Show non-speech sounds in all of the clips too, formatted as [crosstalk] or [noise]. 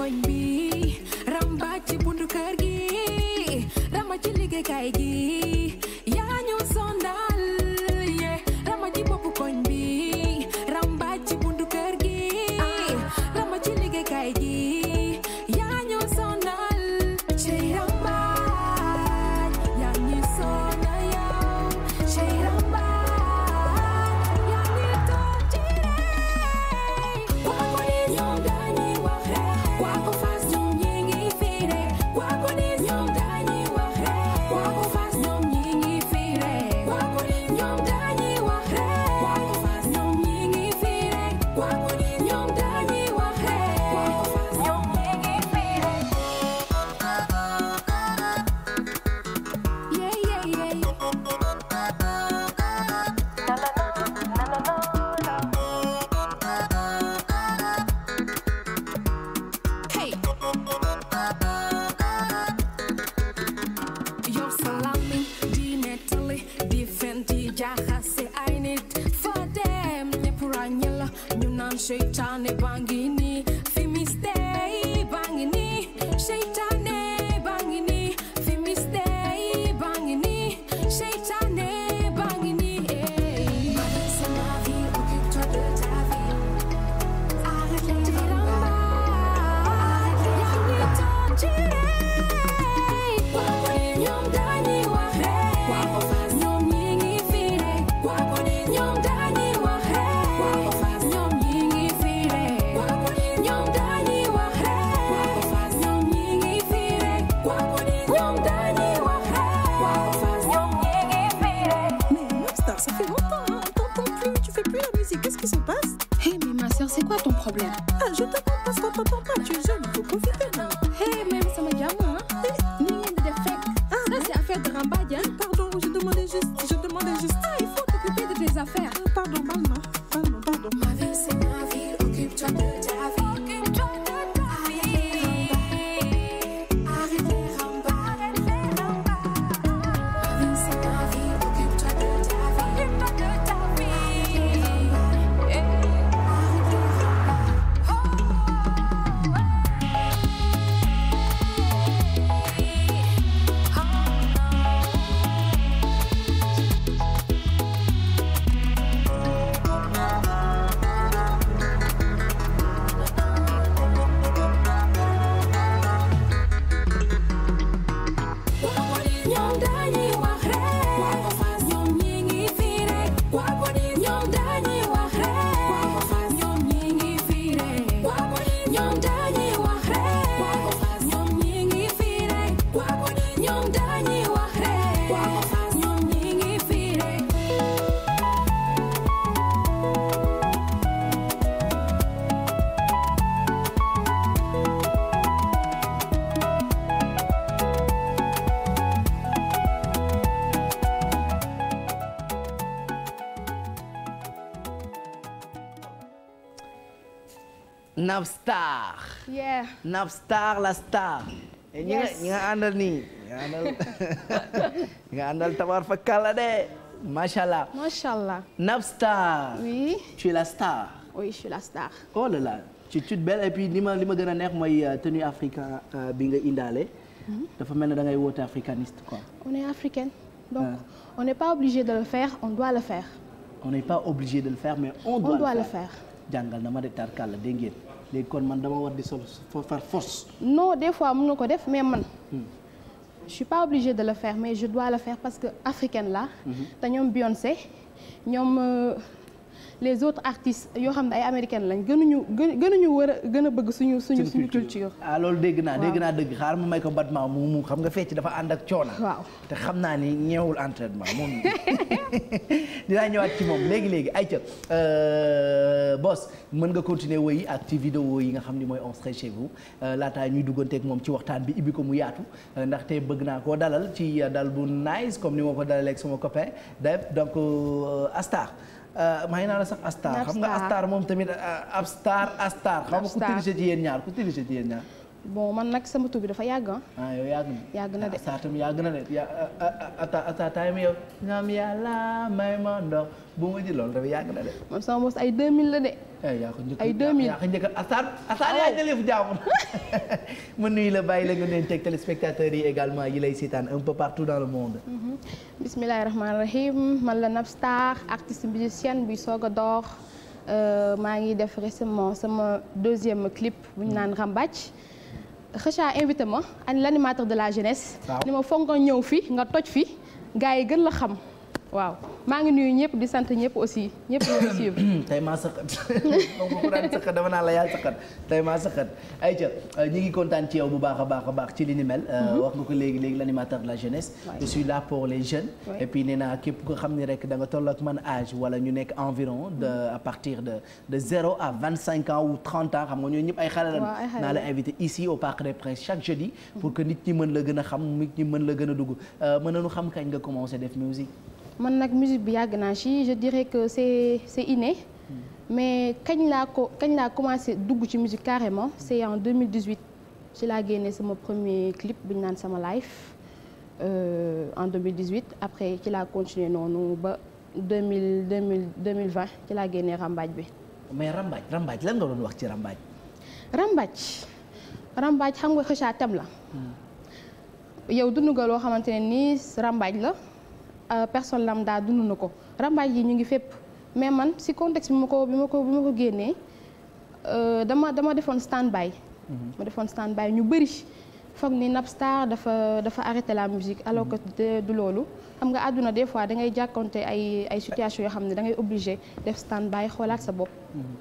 koñ bi ramba ci buntu kër gi ramba ci liggéeykaay gi seytaane baa ngi ça fait longtemps, hein, on t'entend plus, tu fais plus la musique, qu'est-ce qui se passe Hé, hey, mais ma soeur, c'est quoi ton problème ah, Je t'attends parce qu'on t'entend pas, tu es jeune, il faut profiter non Hé, mais ça m'a gamin, ah, hein Ni de fake. Ah, ça, c'est affaire de rambagne, hein Pardon, je demandais juste, je demandais juste. Ah, il faut t'occuper de tes affaires. pardon, pardon, pardon, pardon. Ma vie, c'est ma vie, occupe-toi de Tanya. Napstar. yeah Napstar la star. Eh, ñi nga ñi nga àndal nii ñi nga àndal [laughs] ñi nga àndal tabar fa kàlla de macha allah. macha allah. Napstar. oui tu es la star. oui je suis la star. oh là là tu tu belle et puis li ma li ma gën a neex mooy euh, tenue africain euh, bi nga indaale. Mhm. dafa mel ne da ngay woote africaniste quoi. on est africaine. donc ah. on n'est pas obligé de le faire on doit le faire. on n'est pas obligé de le faire mais on. on doit, doit le faire jàngal na ma de tarkalla dégg ngeen. léegi kon man dama war di sol far force. non des fois mën na ko def mais man. Hmm. je suis pas obligée de le faire mais je dois le faire parce que africaine la hmm. te ñoom Beyoncé ñoom. Euh, les autres artistes yoo xam ne ay américaines lañ gënuñu gënuñu war a gën a bëgg suñu suñu suñu culture ah loolu dégg naa dégg naa dégg xaar mu may ko batma mu mu xam nga fecc dafa ànd ak coona waaw te xam naa ni ñeewul entraînement moom [laughs] dinaa ñëwaat ci moom léegi léegi ay ca euh, boss mën nga continuer woyi ak ci vidéo yi nga xam ni mooy on serait chez vous euh, laataa ñuy dugganteeg moom ci waxtaan bi ibbi ko mu yaatu euh, ndaxte bëgg naa koo dalal ci dal bu nice comme ni ma ko dalaleeg sama copain def donc Astar Ah, may naa la sax astar xam nga astar moom tamit ah, ab star astar xam nga ku dirigé ci yéen ñaar ku dirigé ci yéen ñaar bon man nag sama tur bi dafa yàgg ah. yow yàgg na yàgg de saa tam yàgg na de ya ata ata time may ma ndox bu ma ji loolu dafa yàgg na de. man sama mos ay 2000 la de. Eh, ay 2000 yaa ko njëkk a Assane Assane ah, yaa jëleef jaamu. [laughs] ma nuyu la bàyyi la nga leen teg téléspectateurs yi également yi lay seetaan un peu partout dans le monde. Mhm. bismillahi rahmaani rahim man la Napstar artiste musicienne bi soog a door euh, maa ngi def récemment sama deuxième clip bu ñu naan Rambacc. Kheucha invité ma an de la jeunesse. ni ma foog ñëw fi nga toj fi gars yi gën la xam. waaw maa ngi nuyu ñëpp di sant ñëpp aussi ñëpp ñu ngi suivre. [coughs] tey maa sëqat [laughs] moom bu daan sëqat dama naa la yaa sëqat tey maa sëqat ayca euh, ñu ngi kontaan ci yow bu baax a baax a baax ci li ni euh, mhm. wax nga ko léegi léegi l' animateur de la jeunesse. je suis là pour les jeunes. et puis nee képp ko xam ni rek da nga toll ak man âge wala ñu nekk environ de mhm. à partir de de zéro à vingt cinq ans ou trente ans xam nga ñooñu ñëpp ay xale lañu. naa la invité ici au Parc des Princes chaque jeudi. Mhm. pour que nit ñi mën la gën a xam nit ñi mën la gën a dugg euh, mën nañu xam kañ nga commencé def musique man nag musique bi yàgg naa ci je dirais que c'est c'est inné hmm. mais kañ laa ko kañ laa commencé dugg ci musique carrément c'est en 2018 ci laa génnee sama premier clip bi ñu naan sama life Euh, en 2018 après ci laa continuer noonu ba deux mille deux mille deux mille vingt ci laa génnee rambaaj bi. mais rambaaj rambaaj lan nga doon wax ci rambaaj. rambaaj rambaaj xam nga xëccatam la. Hmm. yow dund nga loo xamante ne nii rambaaj la Euh, personne lambda dund na ko rambaaj yi ñu ngi fépp mais man si contexte bi ma ko bi ma ko bi ma ko génnee euh, dama dama defoon stand by mhm. ma defoon stand ñu bëri foog ni Napstar dafa dafa arrêté la musique alors mhm. du loolu xam nga àdduna des fois da ngay jàkkonte ay ay situation yoo xam ne da ngay obligé def stand by xoolaat sa bopp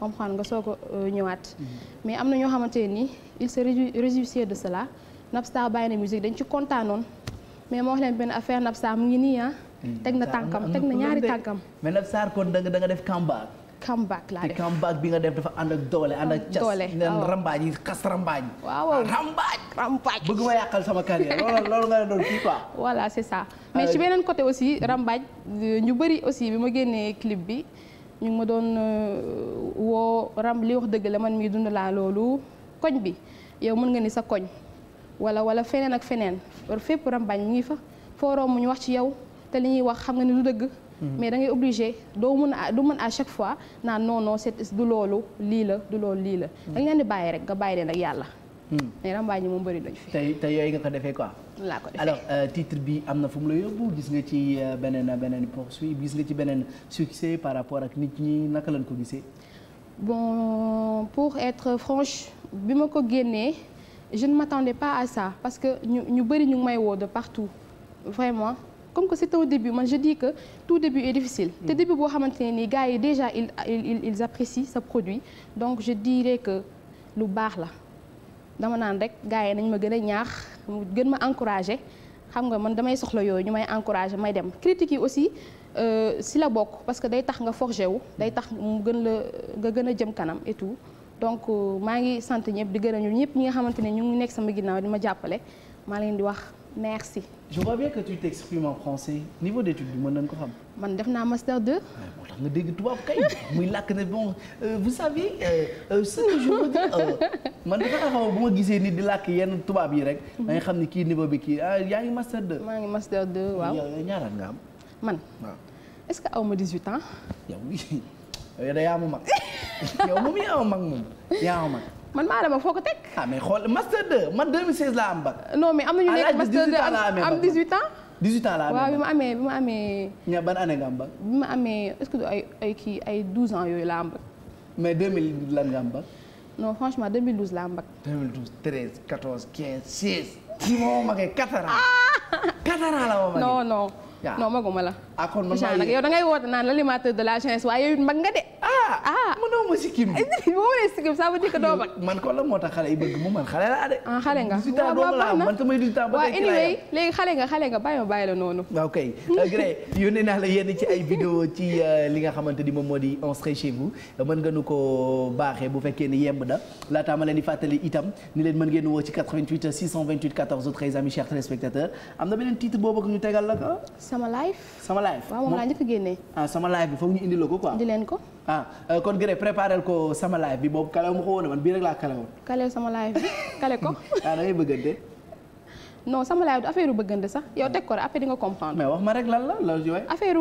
xam mhm. nga soo ko euh, ñëwaat mais am na ñoo xamante ni il se réjouissait de cela Napstar bàyyi na musique dañ ci kontaanoon mais moo wax leen benn affaire mu ngi nii ah. Hmm. teg na tànkam teg na ñaari tànkam. mais na Sarr kon da nga da nga def comeback. comeback laa def te comeback bi nga def dafa ànd ak doole ànd ak. doole cas ngeen rambaaj yi xas waaw waaw rambaaj. rambaaj bëgg ma yàqal sama carrière loolu loolu nga doon kii quoi. voilà c'est ça ah, mais ci beneen côté aussi rambaaj ñu bëri aussi bi ma génnee clip bi ñu ma doon euh, woo ram li wax dëgg la man mii dund laa loolu koñ bi yow mën nga ni sa koñ wala wala feneen ak feneen fépp rambaaj mu ngi fa foo mu ñu wax ci yow. te li ñuy wax xam nga ne du dëgg. Mm-hmm. mais da ngay obligé doo mën a du mën a chaque fois naan non non c'est du loolu lii la du loolu lii la. Mm-hmm. da nga leen di bàyyi rek nga bàyyi leen nag yàlla. Mm-hmm. mais rambaaj yi moom bëri nañu fi. tey yooyu nga ko defee quoi. laa ko defee euh, bi am na fu mu la yóbbu gis nga ci euh, beneen beneen poursuite gis nga ci beneen succès par rapport ak nit ñi naka lañ ko gisee. bon pour être franche bi ma ko génnee je ne m'attendais pas à ça parce que ñu ñu bëri ñu may woo de partout vraiment. comme que c'est au début man je di que tout début est difficile te mm. début boo xamante ne nii gars yi déjà ils ils apprécient sa produit donc je dirais que lu baax la dama naan rek gars yi nañ ma gën a ñaax gën ma encourager xam nga man damay soxla yooyu ñu may encourager may dem critiques yi aussi euh, si la bokk parce que day tax nga forger wu day tax mu gën la nga gën a jëm kanam et donc euh, maa ngi sant ñëpp di a gërëm ñëpp ñi nga xamante ne ñu ngi nekk sama ginnaaw di ma jàppale maa leen di wax merci. je vois bien que tu t'exprimes en français niveau d'étude bi mën nañ ko xam. man def naa master 2. moo tax nga dégg tubaab kay muy làkk ne bon euh, vous savez euh, euh, ce que je veux dire man dafa taxaw bu ma gisee nit di làkk yenn tubaab yi rek. Mhm. da nga xam ne kii niveau bi kii ah, yaa ngi master 2. maa ngi master 2 waaw ñaaraat nga am. man est-ce que aw ma [laughs] yaa ma mag [laughs] yow moom yaa ma mag moom yaa ma mag. man maa dama foo ko teg. ah mais xool master 2 man 2016 laa am bac. non mais am na ñu nekk master 2 am 18 ans. amee waaw bi ma amee bi ma amee. am bac. bi ay kii ay 12 ans yooyu laa am bac. mais 2000 lan nga am bac. no franchement 2012 laa am bac. 2012 13 14 15 16. kii moo magee 4 ans. 4 ah! la moo magee. non non non maguma la. ah kon man maa yow da ngay woote naan l'animateur de la jeunesse waaye yow mag nga de. ah. ah mënoo ma sikkim bi. man kon la moo tax xale yi bëgg mu man xale laa de. Ah, xale nga waaw waaw baax na man samay 18 ans ba tey ci laa yem. léegi xale nga xale nga bàyyi ma bàyyi la noonu. waaw kay euh, Gré yónnee naa la yenn ci ay vidéo ci euh, li nga xamante ni moom moo di on serait chez vous mën nga nu ko baaxee bu fekkee ni yemb da laataa ma leen di fàttali itam ni leen mën ngeen woo ci 88 628 14 13 amis chers téléspectateurs am na beneen titre boobu ko. laa a génnee. ah sama live foog ñu indi ko quoi. leen ko. ah eh, kon Gré préparel ko sama live bi boobu kalew ma ko woon man bii rek laa kalewoon. kalew sama live bi kale ko. [laughs] ah da ngay bëggante. sama live du affaire bëggante sax yow teg ko rek après di nga comprendre. wax ma rek lan la loolu yooyu. affaire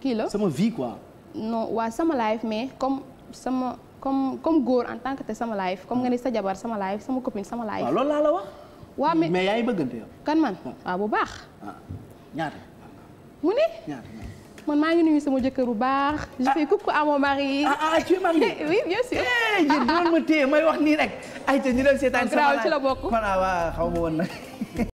kii la. sama vie quoi. non waa sama live mais comme sama comme comme góor en tant te sama live comme nga ni sa jabar sama live sama copine sama live. loolu laa la wax. waaw mais mais yaa ngi bëggante kan man ah. waaw bu baax. Ah. ñaata. mu ne. man maa ngi nuyu sama jëkkër bu baax. je fais coucou à mon mari. ah ah, ah tu es mariée [laughs] oui bien sûr. eh ji doon ma téye may wax nii rek. ay ayca ñu dem seetaan sama laaj ci la bokk. xaw ma woon nag. [laughs]